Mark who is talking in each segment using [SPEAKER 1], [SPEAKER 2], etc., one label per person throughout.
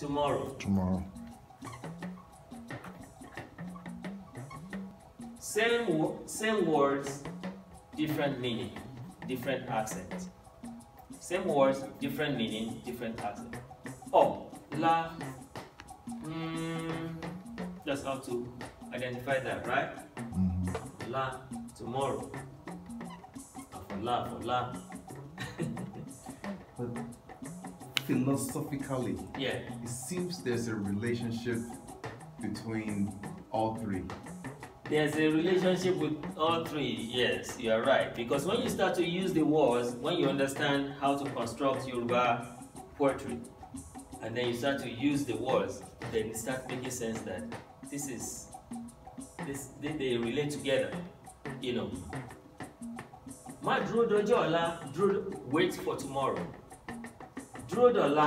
[SPEAKER 1] tomorrow. Tomorrow. Same, same words, different meaning, different accent. Same words, different meaning, different accent. Oh, la, mm, that's how to identify that, right? Mm -hmm. La, tomorrow. Ah, la, for la. philosophically, yeah, it seems there's a relationship between all three. There's a relationship with all three, yes, you are right. Because when you start to use the words, when you understand how to construct Yoruba poetry, and then you start to use the words, then it starts making sense that this is, this, they, they relate together, you know. don't you allow dúró wait for tomorrow. dúró dọ̀la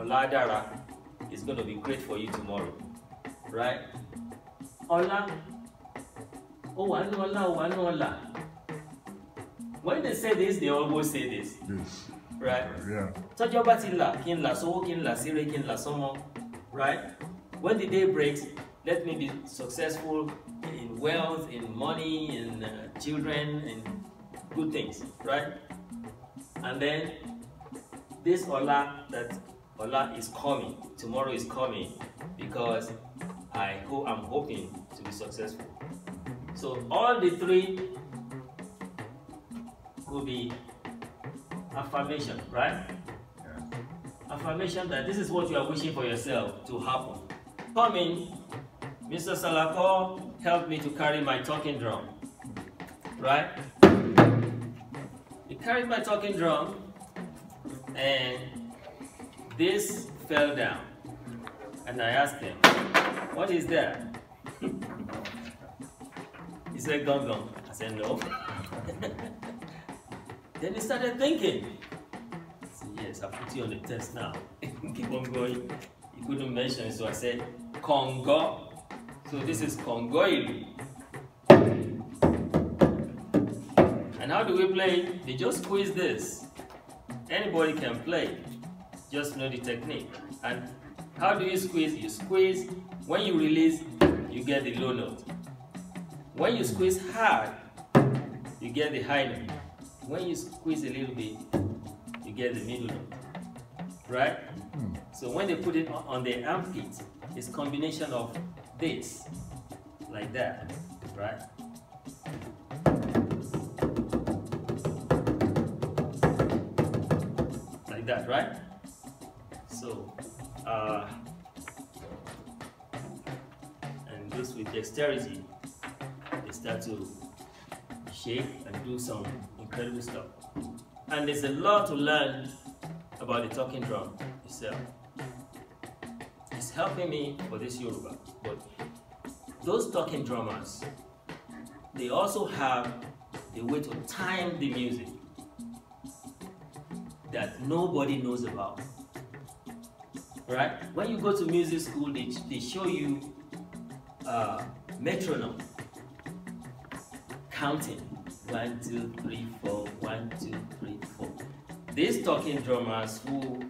[SPEAKER 1] ọ̀la dára is to be great for you tomorrow right ọ̀la ó wà nù ọ̀la ó wà nù when they say this they always say this yes. right tọ́jọ́ bá ti là kí n là sówó kí n là síre kí n là sọ́mọ right when the day breaks let me be successful in wealth in money in uh, children in good things right and then this Ola that Ola is coming, tomorrow is coming, because I hope I'm hoping to be successful. So all the three could be affirmation, right? Yeah. Affirmation that this is what you are wishing for yourself to happen. Coming, Mr. Salako helped me to carry my talking drum, right? He carried my talking drum and this fell down. And I asked him, what is that? he said, gum gum. I said, no. then he started thinking. I said, yes, I put you on the test now. Keep on going. He couldn't mention it, so I said, Congo. So this is Congoili. And how do we play? They just squeeze this. Anybody can play, just know the technique. And how do you squeeze? You squeeze, when you release, you get the low note. When you squeeze hard, you get the high note. When you squeeze a little bit, you get the middle note, right? Hmm. So when they put it on the kit, it's combination of this, like that, right? right? So, uh, and this with dexterity, they start to shake and do some incredible stuff. And there's a lot to learn about the talking drum itself. It's helping me for this Yoruba, but those talking drummers, they also have a way to time the music that nobody knows about. Right? When you go to music school, they, they show you uh, metronome counting one, two, three, four, one, two, three, four. These talking drummers who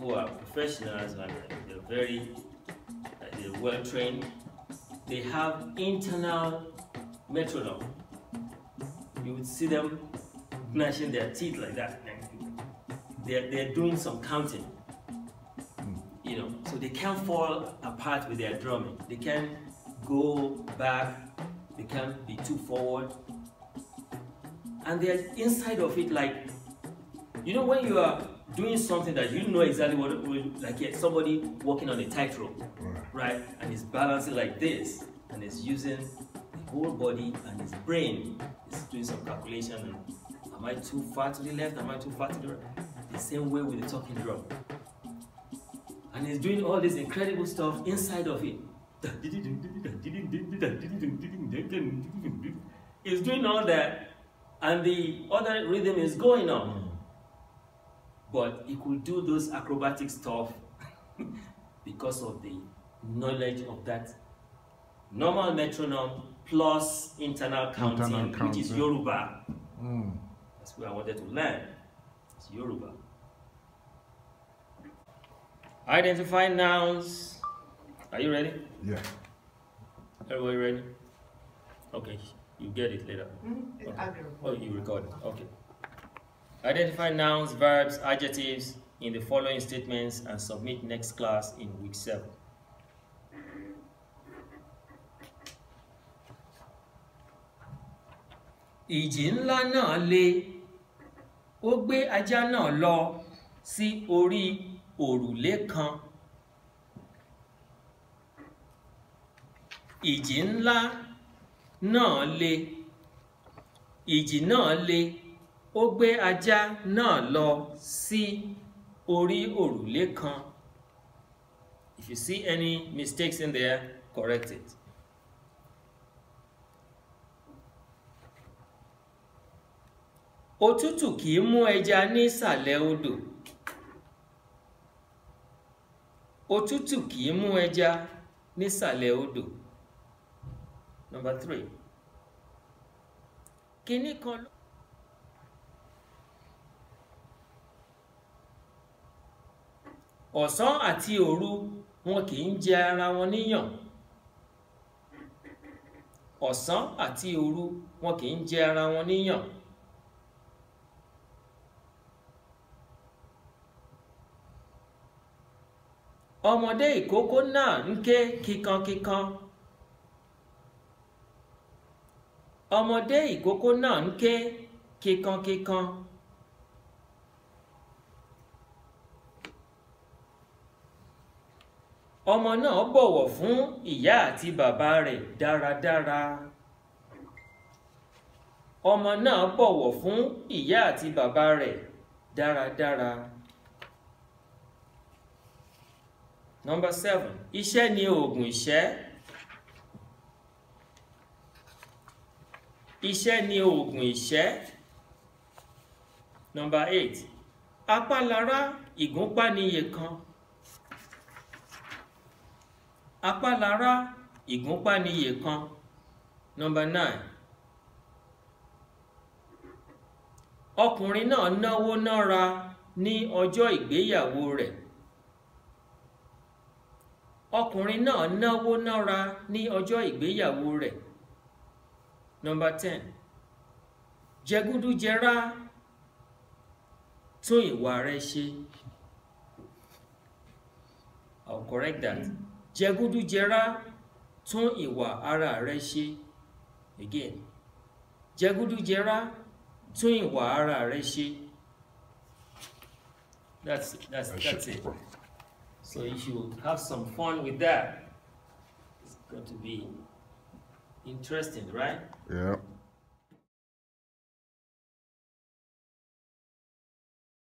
[SPEAKER 1] who are professionals and they're very uh, they're well trained, they have internal metronome. You would see them gnashing their teeth like that they're, they're doing some counting. Hmm. You know, so they can't fall apart with their drumming. They can't go back. They can't be too forward. And they're inside of it like, you know, when you are doing something that you know exactly what it like somebody walking on a tightrope, right. And he's balancing like this, and he's using the whole body and his brain is doing some calculation. Am I too far to the left? Am I too far to the right? the same way with the talking drum. And he's doing all this incredible stuff inside of it. He's doing all that, and the other rhythm is going on. But he could do those acrobatic stuff because of the knowledge of that normal metronome plus internal counting, internal counting. which is Yoruba. Mm. That's where I wanted to learn. It's Yoruba. Identify nouns. Are you ready? Yeah. Everybody ready? Okay, you get it later. Mm-hmm. Okay. Oh, you record it. Okay. Identify nouns, verbs, adjectives in the following statements and submit next class in week 7. Ijin la na le ó gbé ajá náà lọ sí orí òrùlé kan ìjì ńlá náà le ìjì náà le ó gbé ajá náà lọ sí orí òrùlé kan if you see any mistakes in there correct it òtútù kì í mú ẹja ní ìsàlẹ̀ odò òtútù kì í mú ẹja nísàlẹ̀ odò number three kínní kan ló. ọ̀sán àti òru wọn kì í jẹ ara wọn níyàn ọ̀sán àti òru wọn kì í jẹ ara wọn níyàn. ọmọdé ìkókó náà ń ké kíkankíkan ọmọdé ìkókó náà ń ké kíkankíkan ọmọ náà bọ̀wọ̀ fún ìyá àti bàbá rẹ̀ dáradára ọmọ náà bọ̀wọ̀ fún ìyá àti bàbá rẹ̀ dáradára. number seven iṣẹ́ ni oògùn ìṣẹ́ iṣẹ́ ni oògùn ìṣẹ́ number eight apá lára ìgúnpá ni iye kan apá lára ni iye kan number nine ọkùnrin náà náwó nára ní ọjọ́ ìgbéyàwó rẹ̀ ọkùnrin náà náwó nára ní ọjọ́ ìgbéyàwó rẹ̀ nọmba ten jẹgúdújẹrá tún ìwà rẹ ṣe I'll correct that jẹgúdújẹrá tún ìwà ara rẹ ṣe again jẹgúdújẹrá tún ìwà ara rẹ ṣe that's that's that's it. So if you have some fun with that. It's going to be interesting, right? Yeah.